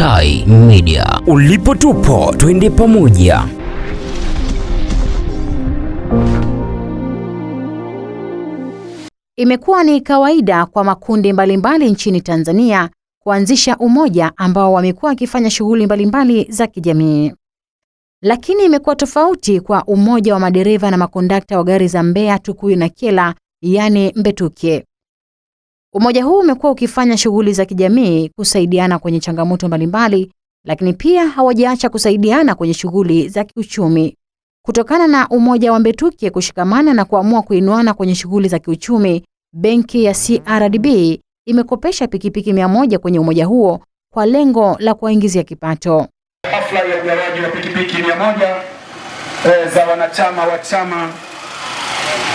Tai Media. Ulipo tupo, twende pamoja. Imekuwa ni kawaida kwa makundi mbalimbali mbali nchini Tanzania kuanzisha umoja ambao wamekuwa wakifanya shughuli mbalimbali za kijamii, lakini imekuwa tofauti kwa umoja wa madereva na makondakta wa gari za Mbeya, Tukuyu na Kyela, yaani Mbetuke. Umoja huu umekuwa ukifanya shughuli za kijamii, kusaidiana kwenye changamoto mbalimbali, lakini pia hawajaacha kusaidiana kwenye shughuli za kiuchumi. Kutokana na umoja wa Mbetukye kushikamana na kuamua kuinuana kwenye shughuli za kiuchumi, benki ya CRDB imekopesha pikipiki mia moja kwenye umoja huo kwa lengo la kuwaingizia kipato. Hafla ya ugawaji wa pikipiki mia moja eh, za wanachama wa chama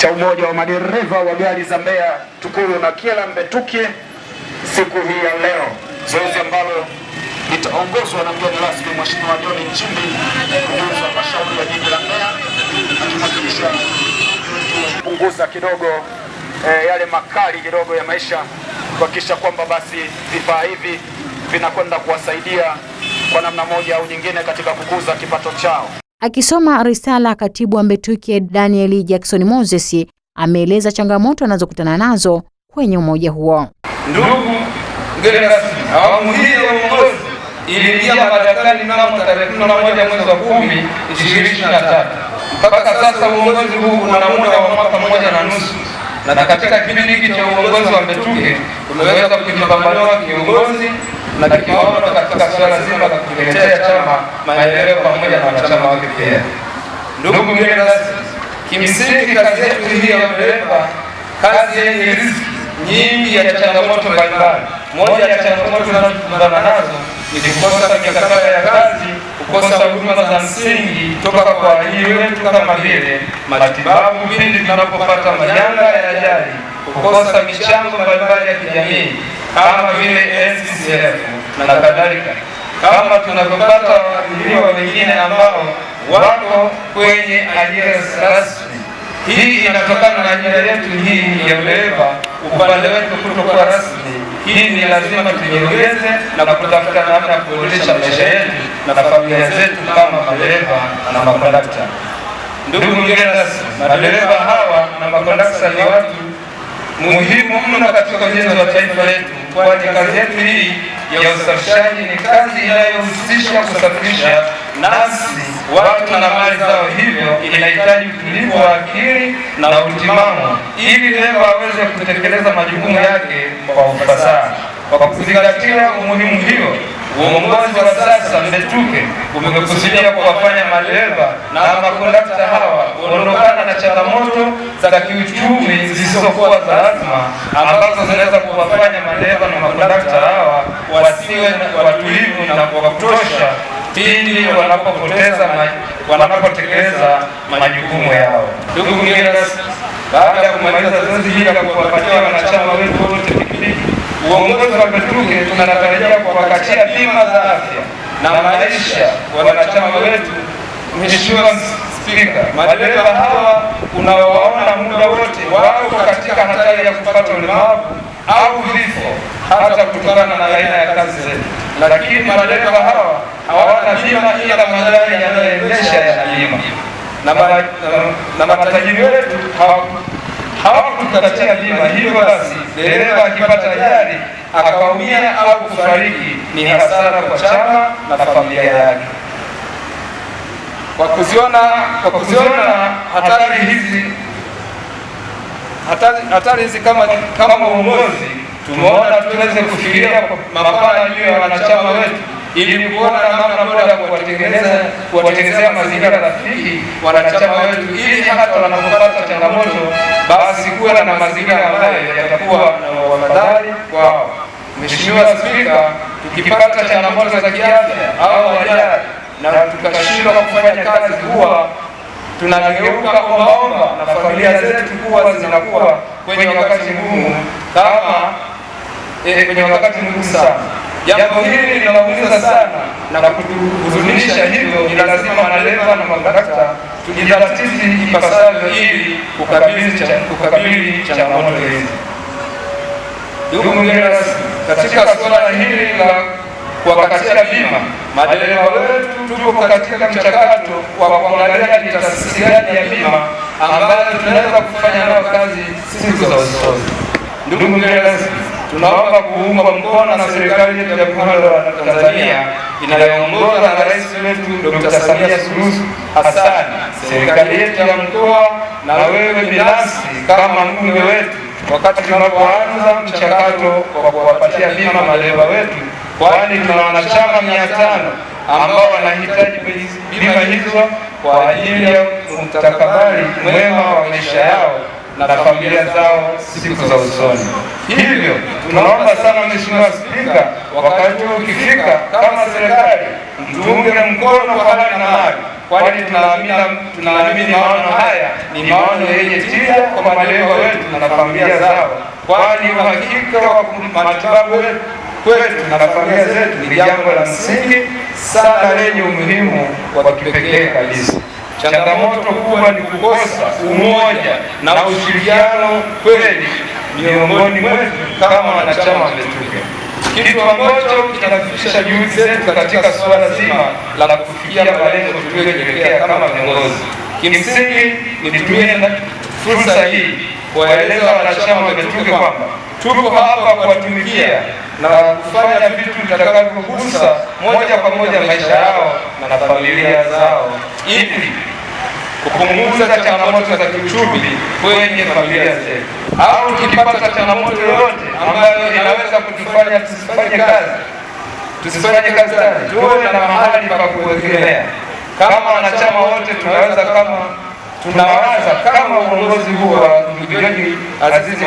cha umoja wa madereva wa gari za Mbeya TUKURU na kila mbetuke siku hii ya leo, zoezi ambalo litaongozwa na mgeni rasmi Mheshimiwa John Nchimbi, kujuza halmashauri ya jiji la Mbeya akimakilisha kupunguza kidogo eh, yale makali kidogo ya maisha, kuhakikisha kwamba basi vifaa hivi vinakwenda kuwasaidia kwa namna moja au nyingine katika kukuza kipato chao. Akisoma risala, katibu wa Mbetuke Daniel Jackson Moses ameeleza changamoto anazokutana nazo kwenye umoja huo. Ndugu mgeni rasmi, awamu hii ya uongozi iliingia madarakani mnamo tarehe 11 mwezi wa 10 2023. Mpaka sasa uongozi huu una muda wa mwaka mmoja na nusu, na katika kipindi hiki cha uongozi wa Mbetuke tumeweza kujipambanua kiongozi na kimaono katika suala zima la kukiletea chama maendeleo pamoja na wanachama wake pia. Ndugu mgeni rasmi, kimsingi kazi yetu hii ya madereva, kazi yenye riski nyingi ya changamoto mbalimbali. Moja ya changamoto tunazokumbana nazo ni kukosa mikakati ya kazi, kukosa huduma za msingi toka kwa waajiri wetu kama vile matibabu pindi tunapopata majanga ya ajali, kukosa michango mbalimbali ya kijamii kama vile NCCF na kadhalika, kama tunavyopata wajumbe wengine ambao wako kwenye ajira rasmi. Hii inatokana na ajira yetu hii ya udereva, upande wetu kutokuwa rasmi. Hii ni lazima tujiongeze na kutafuta namna ya kuboresha maisha yetu na familia zetu kama madereva na makondakta. Ndugu mgeni rasmi, madereva hawa na makondakta ni watu muhimu mno katika ujenzi wa taifa letu kwani kazi yetu hii ya usafishaji ni kazi inayohusisha kusafisha nafsi, watu na mali zao, hivyo inahitaji utulivu wa akili na utimamu ili dereva aweze kutekeleza majukumu yake kwa ufasaha. Kwa kuzingatia umuhimu hiyo Uongozi wa sasa mmetuke umekusudia kuwafanya madereva na makondakta hawa kuondokana na changamoto za kiuchumi zisizokuwa za lazima ambazo zinaweza kuwafanya madereva na makondakta hawa wasiwe watulivu na kwa kutosha pindi wanapopoteza wanapotekeleza majukumu yao. Ndugu mgeni rasmi, baada ya kumaliza zoezi hili la kuwapatia wanachama wetu wote pikipiki uongozi wa Petuke tunatarajia kuwakatia bima za afya na maisha wanachama wetu. Mheshimiwa Spika, madereva hawa unaowaona muda wote wako katika hatari ya kupata ulemavu au vifo hata kutokana na aina ya kazi zetu, lakini madereva hawa hawana bima ila magari yanayoendesha yana bima na matajiri wetu hawa hawakutukatia bima, hivyo basi dereva akipata ajali akaumia au kufariki ni hasara kwa chama na familia yake. Kwa kuziona kwa kuziona hatari hizi hatari, hatari hizi kama kama uongozi tumeona tuweze kufikiria mapana juu ya wanachama wetu ili kuona namna bora ya kuwatengeneza kuwatengenezea mazingira rafiki wanachama wetu, ili hata wanapopata changamoto basi kuwe na mazingira ambayo yatakuwa na wafadhali kwao. Mheshimiwa Spika, tukipata changamoto za kiafya au ajali na tukashindwa kufanya kazi, kuwa tunageuka ombaomba na familia zetu kuwa zinakuwa kwenye wakati mgumu kama eh, kwenye wakati mgumu sana. Jambo hili linaumiza sana na kutuhuzunisha, hivyo ni lazima madereva na makondakta tujidhatiti ipasavyo ili kukabili changamoto hizi. Ndugu mgeni rasmi, katika suala hili la kuwakatia bima madereva wetu, tupo katika mchakato wa kuangalia ni taasisi gani ya bima ambayo tunaweza kufanya nayo kazi siku za usoni. Ndugu mgeni rasmi tunaomba kuungwa mkono na serikali yetu ya Muungano wa Tanzania inayoongozwa na rais wetu Dr. Samia Suluhu Hassan, serikali yetu ya mkoa na wewe binafsi kama mume wetu, wakati tunapoanza mchakato wa kuwapatia bima madereva wetu, kwani tuna wanachama mia tano ambao wanahitaji bima hizo kwa ajili ya mtakabali mwema wa maisha yao na familia zao siku za usoni. Hivyo tunaomba sana Mheshimiwa Spika, wakati huo ukifika, kama serikali tuunge mkono kwa hali na mali, kwani tunaamini maono haya ni maono yenye tija kwa malengo wetu na familia zao, kwani uhakika wa matibabu kwetu na familia zetu ni jambo la msingi sana lenye umuhimu wa kipekee kabisa. Changamoto kubwa ni kukosa umoja na ushirikiano kweli miongoni mwetu kama wanachama wametuke, kitu ambacho kinafikisha juhudi zetu katika suala zima la kufikia malengo tuliyojiwekea kama viongozi. Kimsingi, nitumie fursa hii kuwaeleza wanachama wametuke kwamba tuko hapa kuwatumikia na kufanya vitu vitakavyogusa moja kwa moja maisha yao na familia zao ili kupunguza changamoto za kiuchumi kwenye familia zetu, au tukipata changamoto yoyote ambayo inaweza kutufanya tusifanye kazi, tusifanye kazi, tuwe na mahali pa kuegemea. Kama wanachama wote tunaweza kama tunawaza kama uongozi huu wa ndugu yetu Aziz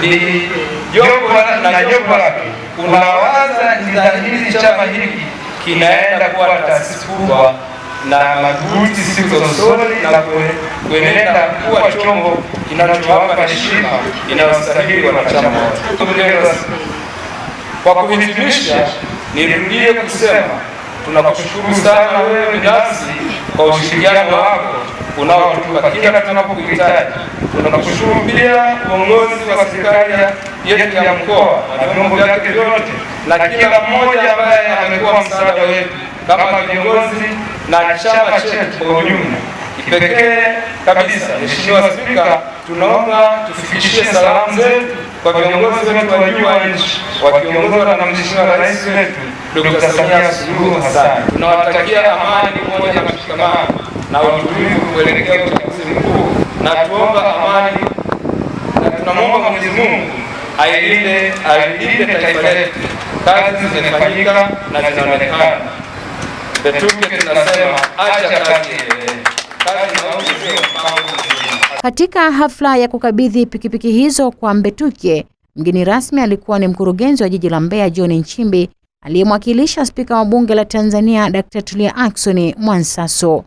ni jopo na jopo lake, unawaza ni dhahiri chama hiki kinaenda kuwa taasisi kubwa na Maguti siku za usoni na kuenenda kuwa chombo kinachowapa heshima inayostahili wanachama wote. Kwa kuhitimisha, nirudie kusema tunakushukuru sana wewe binafsi kwa ushirikiano wako unaotupa kila tunapokuhitaji. Tunakushukuru pia uongozi wa serikali yetu ya mkoa na vyombo vyake vyote na kila mmoja ambaye amekuwa msaada wetu kama viongozi na chama chetu kwa ujumla. Kipekee kabisa, Mheshimiwa Spika, tunaomba tufikishie salamu zetu kwa viongozi wetu wa juu wa nchi wakiongozwa na Mheshimiwa Rais wetu Dr. Samia Suluhu Hassan. Tunawatakia amani, umoja na mshikamano na utulivu kuelekea uchaguzi mkuu, na tuomba amani, na tunamwomba Mwenyezi Mungu ailinde taifa letu. Kazi zimefanyika na zinaonekana. Katika hafla ya kukabidhi pikipiki hizo kwa Mbetuke, mgeni rasmi alikuwa ni mkurugenzi wa jiji la Mbeya John Nchimbi aliyemwakilisha spika wa bunge la Tanzania Dr. Tulia Ackson Mwansaso.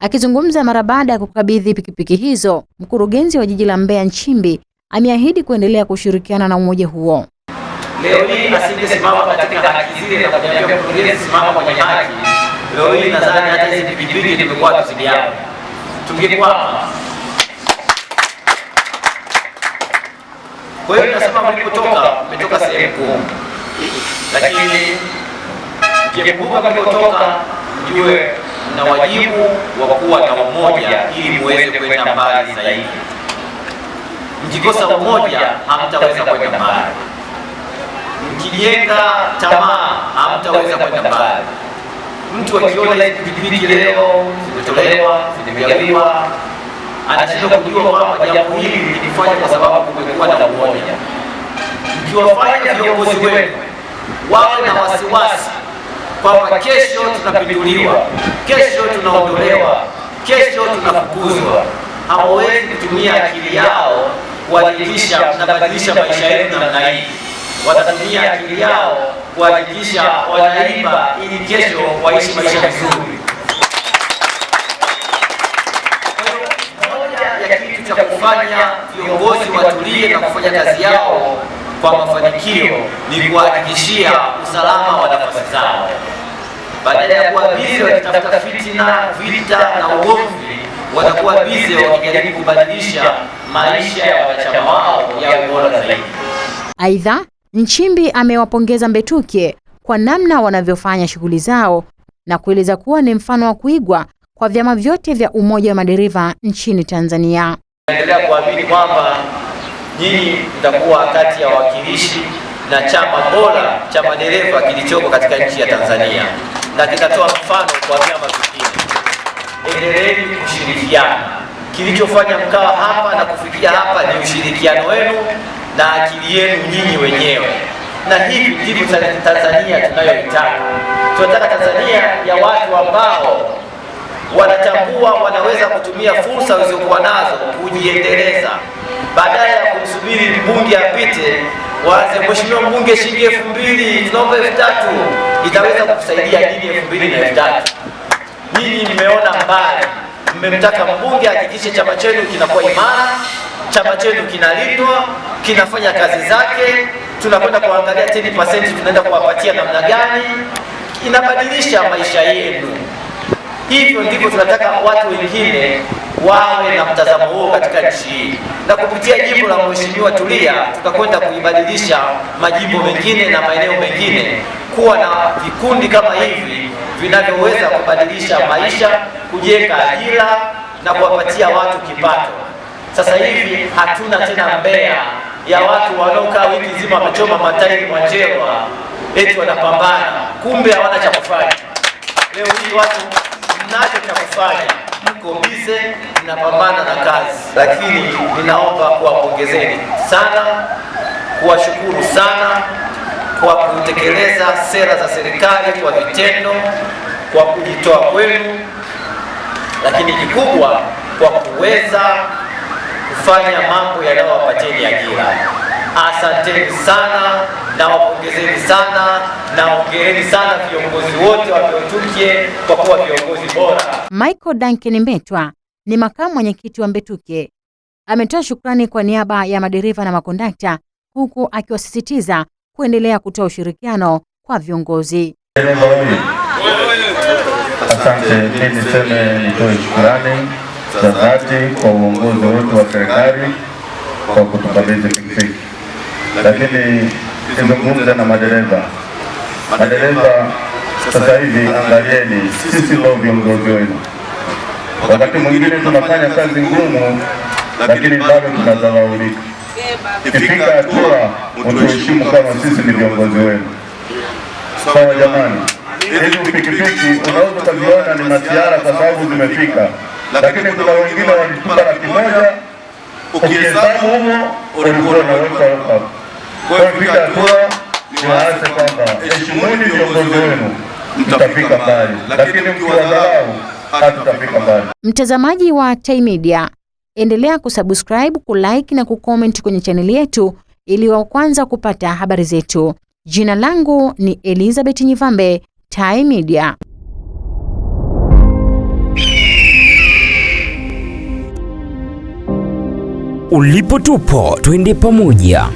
Akizungumza mara baada ya kukabidhi pikipiki hizo, mkurugenzi wa jiji la Mbeya Nchimbi ameahidi kuendelea kushirikiana na umoja huo. Leo hii asingesimama katika haki zile na kuambia mkurugenzi simama kwenye haki Leo hii nadhani hata hizi pikipiki tumekuwa tukizidiana. Tungekwama. Kwa hiyo nasema mlipotoka, mmetoka sehemu kuu. Lakini mkikumbuka mlipotoka, mjue na wajibu wa kuwa na umoja ili muweze kwenda mbali zaidi. Mkikosa umoja hamtaweza kwenda mbali. Mkijenga tamaa hamtaweza kwenda mbali mtu akiona hizi pikipiki leo zimetolewa zimegawiwa, anashindwa kujua kwamba jambo hili lilifanya kwa sababu kumekuwa na umoja. Mkiwafanya viongozi wenu wawe na wasiwasi kwamba kesho tunapinduliwa, kesho tunaondolewa, kesho tunafukuzwa, hawawezi kutumia akili yao kuhakikisha tunabadilisha maisha yetu namna hii watatumia akili yao kuhakikisha wanaiba ili kesho waishi maisha mazuri. Moja ya kitu cha kufanya viongozi watulie na kufanya kazi yao kwa mafanikio ni kuhakikishia usalama wa nafasi zao, badala ya kuwa bize wakitafuta fitina, vita na ugomvi watakuwa bize wakijaribu kubadilisha maisha ya wanachama wao yawe bora zaidi. Aidha, Nchimbi amewapongeza mbetuke kwa namna wanavyofanya shughuli zao na kueleza kuwa ni mfano wa kuigwa kwa vyama vyote vya umoja wa madereva nchini Tanzania. Naendelea kuamini kwamba nyinyi mtakuwa kati ya wawakilishi na chama bora cha madereva kilichoko katika nchi ya Tanzania na kitatoa mfano kwa vyama vingine. Endeleeni kushirikiana. Kilichofanya mkawa hapa na kufikia hapa ni ushirikiano wenu na akili yenu nyinyi wenyewe, na hivi ndivyo Tanzania tunayoitaka. Tunataka Tanzania ya watu ambao wanatambua wanaweza kutumia fursa walizokuwa nazo kujiendeleza, badala ya kumsubiri mbunge apite waanze mheshimiwa mbunge, shilingi elfu mbili tunaomba elfu tatu itaweza kusaidia nini? elfu mbili na elfu tatu mmeona mbali, mmemtaka mbunge ahakikishe chama chenu kinakuwa imara chama chetu kinalindwa, kinafanya kazi zake. Tunakwenda kuangalia 10% tunaenda kuwapatia namna gani, inabadilisha maisha yenu. Hivyo ndivyo tunataka watu wengine wawe na mtazamo huo katika nchi hii, na kupitia jimbo la Mheshimiwa Tulia tutakwenda kuibadilisha majimbo mengine na maeneo mengine kuwa na vikundi kama hivi vinavyoweza kubadilisha maisha, kujenga ajira na kuwapatia watu kipato. Sasa hivi hatuna tena Mbeya ya watu wanaokaa wiki nzima wamechoma matairi Mwanjewa eti wanapambana, kumbe hawana cha kufanya. Leo hii watu mnacho cha kufanya, mko bize, mnapambana na kazi, lakini ninaomba kuwapongezeni sana, kuwashukuru sana kwa kutekeleza sera za serikali kwa vitendo, kwa kujitoa kwenu, lakini kikubwa kwa kuweza kufanya mambo yanayowapateni ajira. Asanteni sana na wapongezeni sana na ongereni sana viongozi wote wa Mbetuke kwa kuwa viongozi bora. Michael Duncan Mbetwa ni makamu mwenyekiti wa Mbetuke ametoa shukrani kwa niaba ya madereva na makondakta huku akiwasisitiza kuendelea kutoa ushirikiano kwa viongozi. Asante, mimi niseme nitoe shukrani za dhati kwa uongozi wote wa serikali kwa kutukabidhi pikipiki. Lakini kizungumza na madereva, madereva sasa hivi, angalieni, sisi ndio viongozi wenu. Wakati mwingine tunafanya kazi ngumu, lakini bado tunadharaulika. Ifika hatua utuheshimu kama sisi ni viongozi wenu. Sawa jamani, hizi pikipiki unaweza ukaziona ni masiara kwa sababu zimefika lakini kuna wengine walitupa laki moja ukihesabu humo ulikuwa unaweka huko. Kwa hiyo fika hatua niwaase kwamba heshimuni viongozi wenu, mtafika mbali, lakini mkiwadharau hatutafika mbali. Mtazamaji wa Time Media, endelea kusubscribe, kulike na kucomment kwenye chaneli yetu ili wa kwanza kupata habari zetu. Jina langu ni Elizabeth Nyivambe, Time Media. Ulipo tupo, twende pamoja.